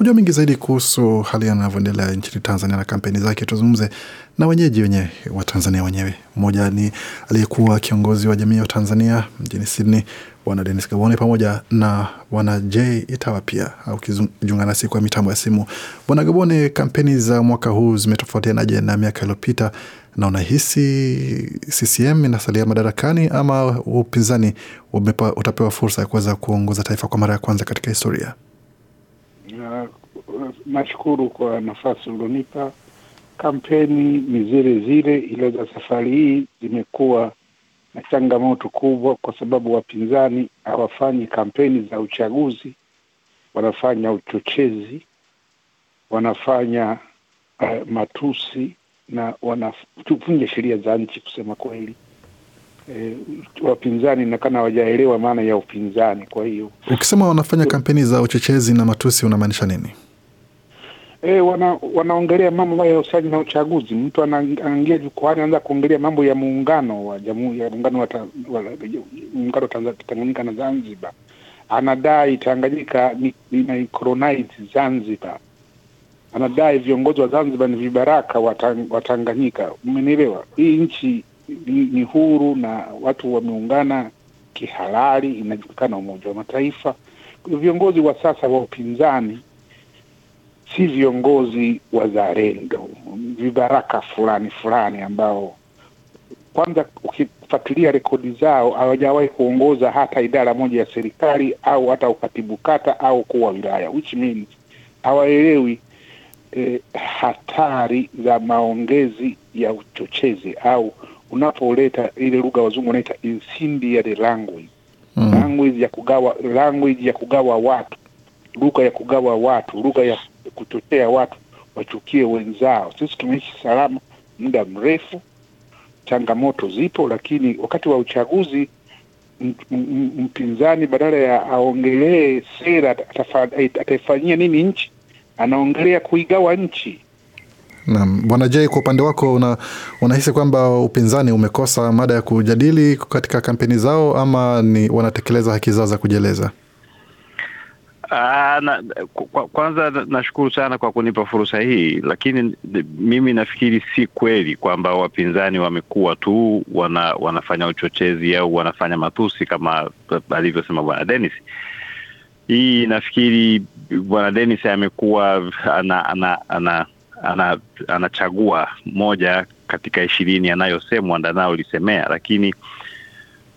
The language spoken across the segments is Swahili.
Kujua mingi zaidi kuhusu hali yanavyoendelea nchini Tanzania na kampeni zake, tuzungumze na wenyeji wenye wa Tanzania wenyewe. Mmoja ni aliyekuwa kiongozi wa jamii wa Tanzania mjini Sydney, Bwana Denis Gabone pamoja na Bwana J Itawa. Pia ukijiunga nasi kwa mitambo ya simu, Bwana Gabone, kampeni za mwaka huu zimetofautianaje na miaka iliyopita, na unahisi CCM inasalia madarakani ama upinzani utapewa fursa ya kuweza kuongoza taifa kwa mara ya kwanza katika historia? nashukuru kwa nafasi ulionipa. Kampeni ni zile zile, ila za safari hii zimekuwa na changamoto kubwa, kwa sababu wapinzani hawafanyi kampeni za uchaguzi, wanafanya uchochezi, wanafanya uh, matusi na wanavunja sheria za nchi, kusema kweli eh, wapinzani nakana hawajaelewa maana ya upinzani. Kwa hiyo ukisema wanafanya kampeni za uchochezi na matusi unamaanisha nini? E, wana, wanaongelea mambo ya usaji na uchaguzi. Mtu anaingia jukwani anaanza kuongelea mambo ya muungano wa jamhuri ya muungano wa muungano wa Tanganyika na Zanzibar, anadai Tanganyika ni colonize Zanzibar, anadai viongozi wa Zanzibar ni vibaraka wa Tanganyika. Umenielewa? Hii nchi ni, ni huru na watu wameungana kihalali, inajulikana Umoja wa Mataifa. Viongozi wa sasa wa upinzani si viongozi wazalendo, vibaraka fulani fulani ambao kwanza ukifuatilia rekodi zao hawajawahi kuongoza hata idara moja ya serikali au hata ukatibu kata au kuwa wilaya, which means hawaelewi eh, hatari za maongezi ya uchochezi au unapoleta ile lugha wazungu wanaita incendiary language mm. language ya kugawa language ya kugawa watu lugha ya kugawa watu lugha ya kuchochea watu wachukie wenzao sisi tumeishi salama muda mrefu changamoto zipo lakini wakati wa uchaguzi mpinzani badala ya aongelee sera ataifanyia nini nchi anaongelea kuigawa nchi Naam, Bwana J, kwa upande wako una, unahisi kwamba upinzani umekosa mada ya kujadili katika kampeni zao ama ni wanatekeleza haki zao za kujieleza? Ah, na, kwa, kwanza nashukuru sana kwa kunipa fursa hii, lakini mimi nafikiri si kweli kwamba wapinzani wamekuwa tu wana, wanafanya uchochezi au wanafanya matusi kama alivyosema Bwana Dennis. Hii nafikiri Bwana Dennis amekuwa ana, ana, ana ana, anachagua moja katika ishirini anayosemwa anayolisemea, lakini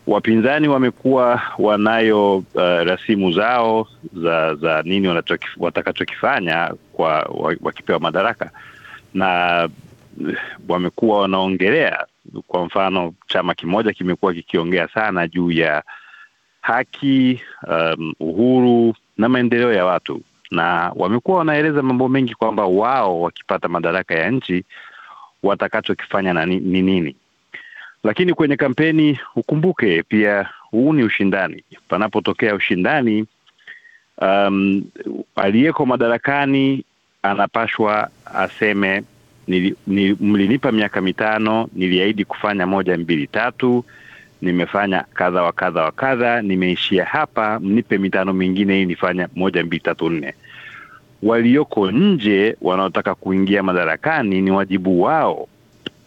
wapinzani wamekuwa wanayo uh, rasimu zao za za nini watakachokifanya kwa wakipewa madaraka, na wamekuwa wanaongelea. Kwa mfano, chama kimoja kimekuwa kikiongea sana juu ya haki, um, uhuru na maendeleo ya watu na wamekuwa wanaeleza mambo mengi kwamba wao wakipata madaraka ya nchi watakachokifanya na ni nini. Lakini kwenye kampeni ukumbuke pia huu ni ushindani. Panapotokea ushindani, um, aliyeko madarakani anapashwa aseme nili, nili, mlinipa miaka mitano, niliahidi kufanya moja mbili tatu, nimefanya kadha wa kadha wa kadha, nimeishia hapa, mnipe mitano mingine ili nifanya moja mbili tatu nne walioko nje wanaotaka kuingia madarakani ni wajibu wao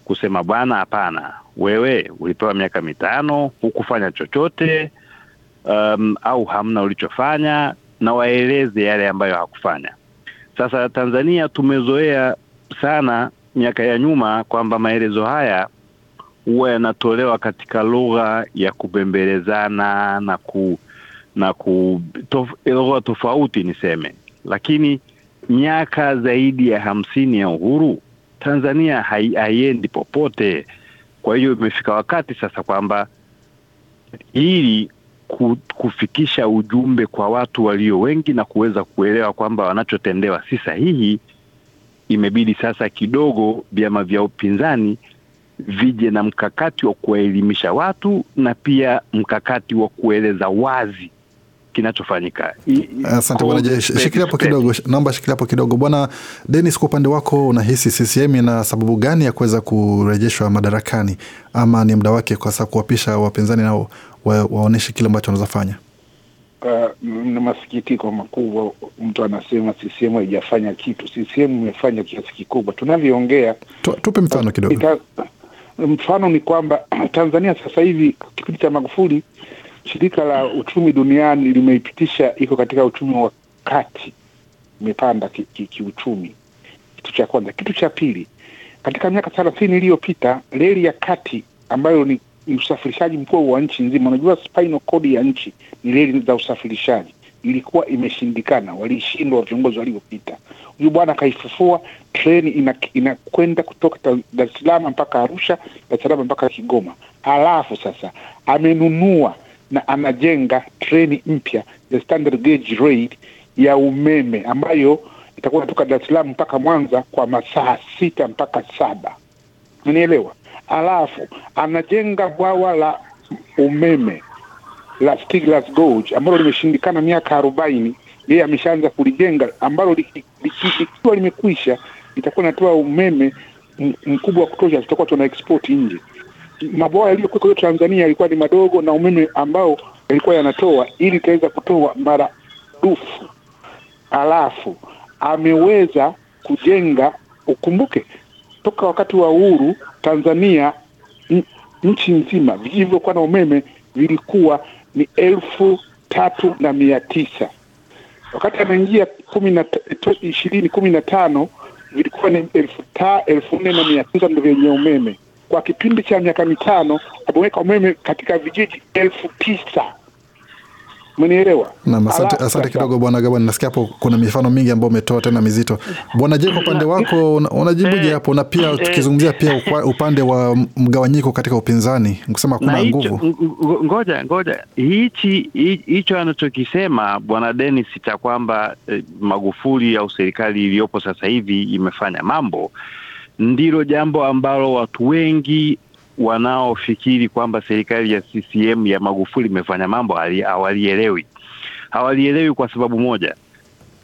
kusema bwana, hapana, wewe ulipewa miaka mitano hukufanya chochote um, au hamna ulichofanya, na waeleze yale ambayo hakufanya. Sasa Tanzania tumezoea sana miaka ya nyuma kwamba maelezo haya huwa yanatolewa katika lugha ya kubembelezana na ku na ku tof, lugha tofauti niseme, lakini miaka zaidi ya hamsini ya uhuru Tanzania haiendi popote. Kwa hiyo imefika wakati sasa kwamba ili kufikisha ujumbe kwa watu walio wengi na kuweza kuelewa kwamba wanachotendewa si sahihi, imebidi sasa kidogo vyama vya upinzani vije na mkakati wa kuwaelimisha watu na pia mkakati wa kueleza wazi kinachofanyika. Asante bwana, shikilia hapo kidogo, naomba shikilia hapo kidogo. Bwana Denis, kwa upande wako unahisi CCM ina sababu gani ya kuweza kurejeshwa madarakani, ama ni muda wake kwa sasa kuwapisha wapinzani nao wa, waonyeshe kile ambacho wanazofanya? Uh, na masikitiko makubwa, mtu anasema CCM haijafanya kitu. CCM imefanya kiasi kikubwa tunavyoongea. Tupe mfano kidogo. Mfano ni kwamba Tanzania sasa hivi kipindi cha Magufuli Shirika la uchumi duniani limeipitisha, iko katika uchumi wa kati, imepanda kiuchumi ki, ki kitu cha kwanza. Kitu cha pili, katika miaka thelathini iliyopita reli ya kati ambayo ni usafirishaji mkuu wa nchi nzima, unajua spinal cord ya nchi ni reli za usafirishaji, ilikuwa imeshindikana, walishindwa viongozi waliopita. Huyu bwana akaifufua treni inakwenda ina kutoka Dar es Salaam mpaka Arusha, Dar es Salaam mpaka Kigoma, alafu sasa amenunua na anajenga treni mpya ya standard gauge rail ya umeme ambayo itakuwa inatoka Dar es Salaam mpaka Mwanza kwa masaa sita mpaka saba unielewa. Alafu anajenga bwawa la umeme la Stiglas Gorge ambalo limeshindikana miaka arobaini, yeye ameshaanza kulijenga, ambalo likiwa limekwisha litakuwa inatoa umeme mkubwa wa kutosha, tutakuwa tuna export nje mabwawa yaliyokuwa Tanzania yalikuwa ni madogo na umeme ambao yalikuwa yanatoa ili itaweza kutoa mara dufu. Alafu ameweza kujenga, ukumbuke toka wakati wa uhuru Tanzania nchi nzima vilivyokuwa na umeme vilikuwa ni elfu tatu na mia tisa wakati anaingia kumi na ishirini kumi na tano vilikuwa ni elfu ta elfu nne na mia tisa ndo vyenye umeme kwa kipindi cha miaka mitano ameweka umeme katika vijiji elfu tisa. Umenielewa? Naam, asante, asante kidogo Bwana Gabon. Nasikia hapo kuna mifano mingi ambayo umetoa tena mizito. Bwana Jeko, upande wako unajibuje eh, hapo? Na pia eh, tukizungumzia pia eh. upande wa mgawanyiko katika upinzani, kusema hakuna nguvu. Ngoja ngoja, hichi hicho anachokisema Bwana Dennis cha kwamba eh, Magufuli au serikali iliyopo sasa hivi imefanya mambo ndilo jambo ambalo watu wengi wanaofikiri kwamba serikali ya CCM ya Magufuli imefanya mambo hawalielewi. Hawalielewi kwa sababu moja,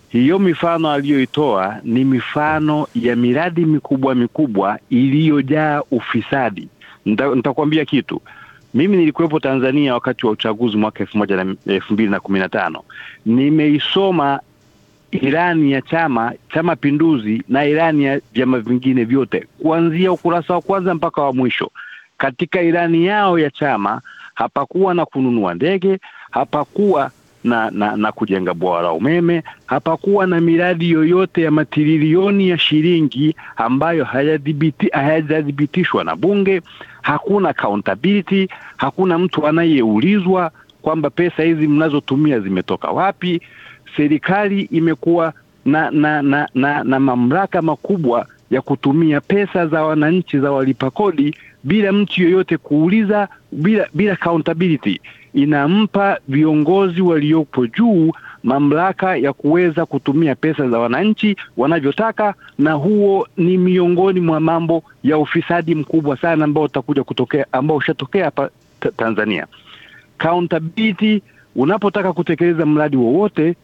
hiyo mifano aliyoitoa ni mifano ya miradi mikubwa mikubwa iliyojaa ufisadi. nitakuambia kitu, mimi nilikuwepo Tanzania wakati wa uchaguzi mwaka elfu moja na elfu mbili na kumi na tano. Nimeisoma ilani ya Chama cha Mapinduzi na ilani ya vyama vingine vyote kuanzia ukurasa wa kwanza mpaka wa mwisho. Katika ilani yao ya chama hapakuwa na kununua ndege, hapakuwa na, na, na kujenga bwawa la umeme, hapakuwa na miradi yoyote ya matrilioni ya shilingi ambayo hayajathibitishwa na Bunge. Hakuna accountability, hakuna mtu anayeulizwa kwamba pesa hizi mnazotumia zimetoka wapi serikali imekuwa na na, na, na na mamlaka makubwa ya kutumia pesa za wananchi za walipa kodi bila mtu yoyote kuuliza, bila bila accountability. Inampa viongozi waliopo juu mamlaka ya kuweza kutumia pesa za wananchi wanavyotaka, na huo ni miongoni mwa mambo ya ufisadi mkubwa sana ambao utakuja kutokea, ambao ushatokea hapa Tanzania. Accountability, unapotaka kutekeleza mradi wowote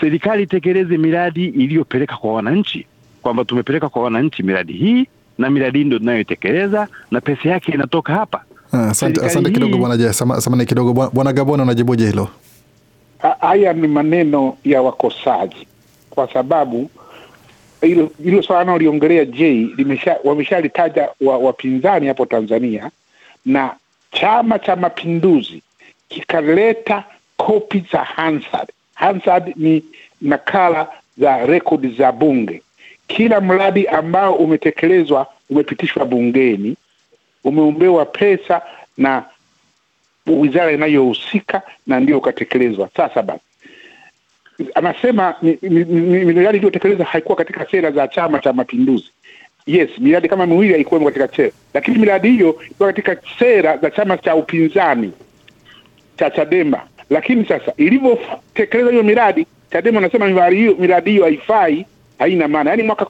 serikali itekeleze miradi iliyopeleka kwa wananchi, kwamba tumepeleka kwa wananchi miradi hii na miradi hii ndio tunayoitekeleza na pesa yake inatoka hapa. Ah, asante kidogo bwana, samani kidogo bwana Gabona, unajibuje hilo? Haya ni maneno ya wakosaji, kwa sababu hilo swala wanaoliongelea j wameshalitaja wapinzani wa hapo Tanzania, na Chama cha Mapinduzi kikaleta kopi za Hansard Hansard ni nakala za rekodi za bunge. Kila mradi ambao umetekelezwa umepitishwa bungeni, umeombewa pesa na wizara inayohusika na ndio ukatekelezwa. Sasa basi, anasema miradi iliyotekelezwa haikuwa katika sera za Chama cha Mapinduzi. Yes, miradi kama miwili haikuwemo katika sera, lakini miradi hiyo ilikuwa katika sera za chama cha upinzani cha Chadema lakini sasa ilivyotekeleza hiyo miradi, Chadema anasema miradi hiyo miradi hiyo haifai, haina maana. Yaani mwaka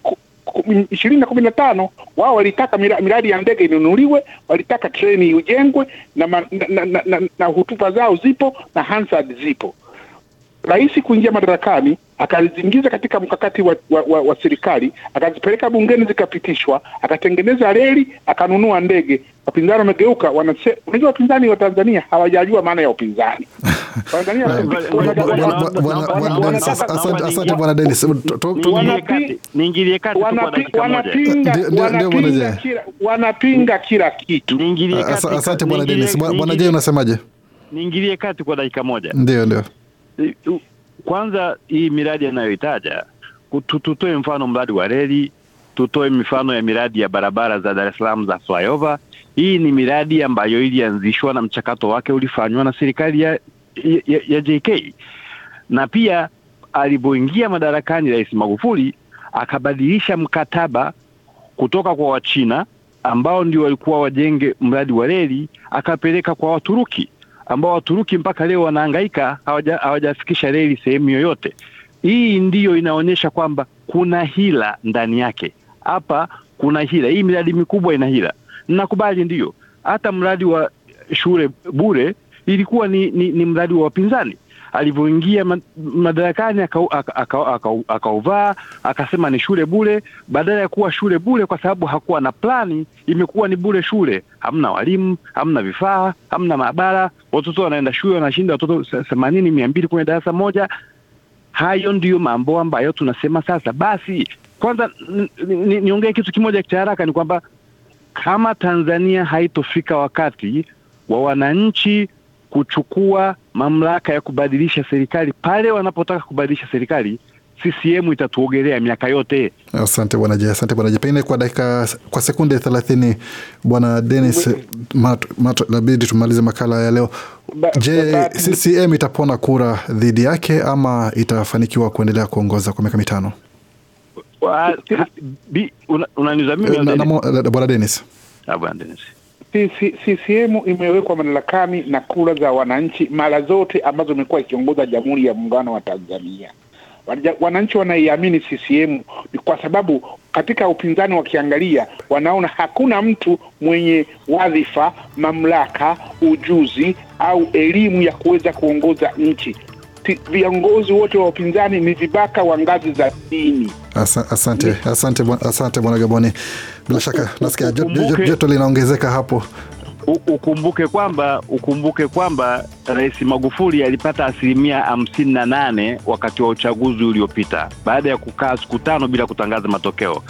ishirini na kumi na tano wao walitaka miradi ya ndege inunuliwe, walitaka treni ujengwe na, na, na, na, na, na hutuba zao zipo na Hansard zipo. rahisi kuingia madarakani akaziingiza katika mkakati wa, wa, wa, wa serikali akazipeleka bungeni zikapitishwa, akatengeneza reli, akanunua ndege, Wapinzani wamegeuka, wanasema unajua, wapinzani wa Tanzania hawajajua maana ya upinzani. Asante bwana wanapinga kila kitu. Asante bwana Denis. Bwana Jay, unasemaje? Niingilie kati kwa dakika moja. Ndio, ndio. Kwanza hii miradi anayoitaja, tutoe mfano mradi wa reli, tutoe mifano ya miradi ya barabara za Dar es Salaam za flyover hii ni miradi ambayo ilianzishwa na mchakato wake ulifanywa na serikali ya, ya, ya JK na pia alipoingia madarakani Rais Magufuli akabadilisha mkataba kutoka kwa Wachina ambao ndio walikuwa wajenge mradi wa reli akapeleka kwa Waturuki ambao Waturuki mpaka leo wanahangaika hawajafikisha reli sehemu yoyote. Hii ndiyo inaonyesha kwamba kuna hila ndani yake. Hapa kuna hila, hii miradi mikubwa ina hila. Nakubali, ndio hata mradi wa shule bure ilikuwa ni, ni, ni mradi wa wapinzani alivyoingia madarakani akauvaa aka, aka, aka, aka akasema ni shule bule badala ya kuwa shule bule kwa sababu hakuwa na plani, imekuwa ni bure shule. Hamna walimu, hamna vifaa, hamna maabara, watoto wanaenda shule wanashinda watoto themanini mia mbili kwenye darasa moja. Hayo ndiyo mambo ambayo tunasema sasa. Basi kwanza niongee ni, ni kitu kimoja cha haraka, ni kwamba kama Tanzania haitofika wakati wa wananchi kuchukua mamlaka ya kubadilisha serikali pale wanapotaka kubadilisha serikali, CCM itatuogelea miaka yote. Asante bwana Je, asante bwana Je. Pengine kwa dakika kwa sekunde thelathini, bwana Dennis Mato, inabidi tumalize makala ya leo. Je, CCM itapona kura dhidi yake ama itafanikiwa kuendelea kuongoza kwa miaka mitano? Eh, eh, bwana Dennis, CCM ah, imewekwa madarakani na kura za wananchi mara zote ambazo imekuwa ikiongoza Jamhuri ya Muungano wa Tanzania. Wananchi wanaiamini CCM kwa sababu katika upinzani wakiangalia, wanaona hakuna mtu mwenye wadhifa, mamlaka, ujuzi au elimu ya kuweza kuongoza nchi viongozi wote wa upinzani ni vibaka wa ngazi za dini. asante, asante, asante Bwana Gaboni, bila shaka nasikia joto linaongezeka hapo. Ukumbuke kwamba ukumbuke kwamba Rais Magufuli alipata asilimia hamsini na nane wakati wa uchaguzi uliopita baada ya kukaa siku tano bila kutangaza matokeo.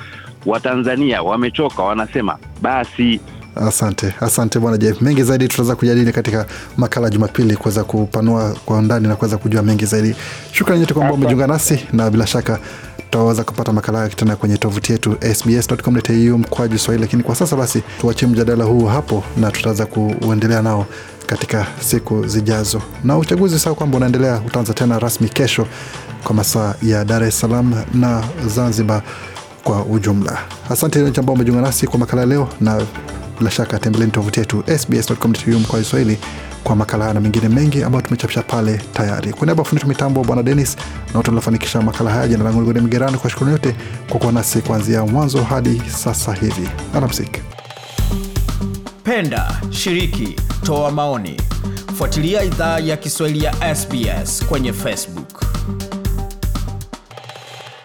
Watanzania wamechoka, wanasema basi Asante, asante bwana Jeff. Mengi zaidi tutaweza kujadili katika makala ya Jumapili kuweza kupanua kwa undani na kuweza kujua mengi zaidi. Shukrani nyote kwamba umejiunga nasi na bila shaka tutaweza kupata makala yake tena kwenye tovuti yetu sbs.com.au mkwaju Swahili, lakini kwa sasa basi tuachie mjadala huu hapo na tutaweza kuendelea nao katika siku zijazo. Na uchaguzi sawa kwamba unaendelea, utaanza tena rasmi kesho kwa masaa ya Dar es Salaam na Zanzibar kwa ujumla. Asante ambao umejiunga nasi kwa makala leo na bila shaka tembeleni tovuti yetu sbs.com.au mkoa kiswahili kwa makala haya na mengine mengi ambayo tumechapisha pale tayari. Kwa niaba ya fundi mitambo Bwana Dennis na wote waliofanikisha makala haya, jina langu Gode Migerano, kwa shukrani yote kwa kuwa nasi kuanzia mwanzo hadi sasa hivi. Alamsiki. Penda, shiriki, toa maoni, fuatilia idhaa ya Kiswahili ya SBS kwenye Facebook.